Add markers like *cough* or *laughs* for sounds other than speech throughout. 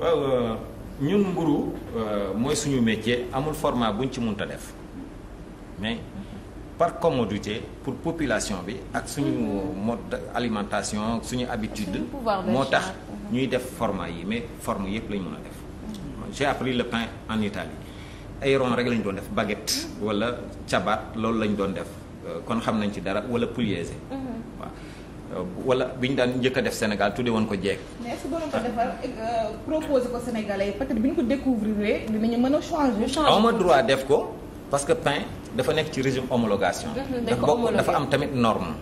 waaw euh, ñun mburu euh, mooy suñu métier amul format buñ ci mënta def mais par commodité pour population bi ak suñu mm-hmm. mode alimentation suñu habitude moo tax mm-hmm. ñuy def format yi mais forme yëpp lañ mun a def mm-hmm. j'ai appris le pain en Italie ay rond rek lañ doon def baguette wala cabaat loolu lañ doon def euh, kon xam nañ ci dara wala puliese waaw Euh, wala bi ñu daan njëkk a def Sénégal tuddee woon ko jeeg. mais su borom ko defar euh, proposé ko Sénégalais yi peut-être bi ñu ko découvrir dinañu mën a changer. changer amoo droit def ko. parce que pain dafa nekk ci régime homologation dafa dafa am tamit norme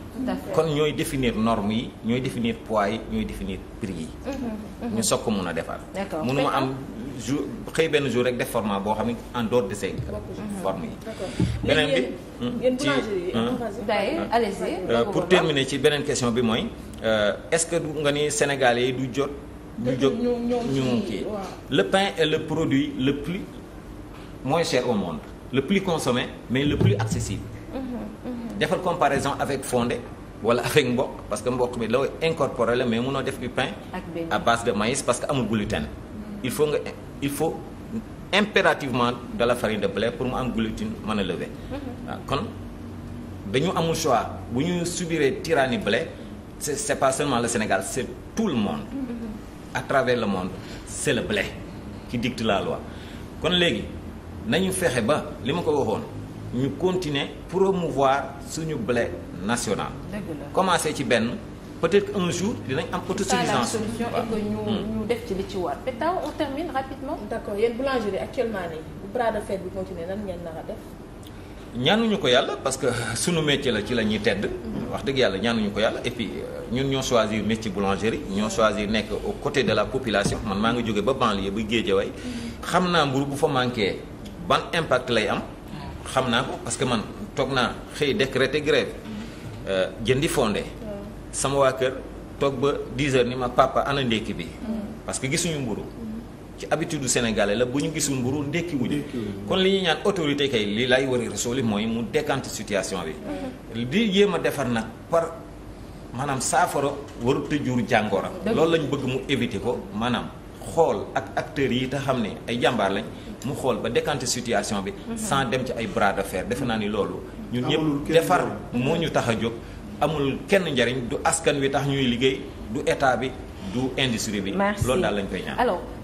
kon ñooy définir norme yi ñooy définir pois yi ñooy définir prix yi mmh, mmh, mmh. ñu soog ko mun a defar mënuma am jour xëy benn jour rek def format boo xam ne en dehors de ces yi beneen bi ci euh, pour terminer ci beneen question bi mooy euh, est-ce que du nga ni Sénégalais yi du jot ñu jóg ñu le pain est le produit le plus moins au monde le plus consommé mais le plus accessible mm-hmm, mm-hmm. defal comparaison avec fonde wala avec mboq parce que mboq bi loo incorporé la mais mënoo def bi pain à base de maïs parce que amul gluten mm-hmm. il faut nga il faut impérativement de la farine de blé pour mu am gluten mën a lever waaw ah, kon dañu amul choix bu ñu subiree tyrannie blé c'est c'est pas seulement le Sénégal c'est tout le monde à travers le monde c'est le blé qui dicte la loi kon léegi nañu fexe ba li ma ko waxoon ñu continuer promouvoir suñu blé national. commencer ci benn peut-être un jour dinañ am autosuffisance. ça la solution hmm. ñu def ci li ci war. mais taw on actuellement nii bu bras de fer bi continuer nan ngeen nar ko yàlla parce que *laughs* sunu métier la ci la ñuy tedd. wax dëgg yàlla ñaanuñu ko yàlla et puis euh, ñun ñoo choisir métier boulangerie ñoo choisir nekk au côté de la population man maa ngi jóge ba banlieue ba way mm-hmm. xam naa mburu bu fa manqué. ban impact lay am xam naa ko parce que man toog naa xëy décréter grève euh, jëndi fonde sama waa kër toog ba 10 heures ni ma papa ana ndékki bi mm. parce que gisuñu mburu mm. ci habitude du sénégalais la bu ñu gisul mburu ndékki wuñu kon li ñu ñaan autorité kay li lay war a résolver mooy mu décante situation bi mm-hmm. di jéem a defar nag par maanaam saafara warut a jàngoor jàngooram loolu lañu bëgg mu éviter ko maanaam xool ak acteurs yi te xam ne ay jàmbaar lañ mu xool ba décanter situation bi. Mhm. sans dem ci ay bras de fer defe naa ni loolu. ñu ñëpp defar moo ñu tax a jóg. amul kenn njariñ du askan wi tax ñuy liggéey du état bi du industrie bi. lool daal lañ koy ñaan.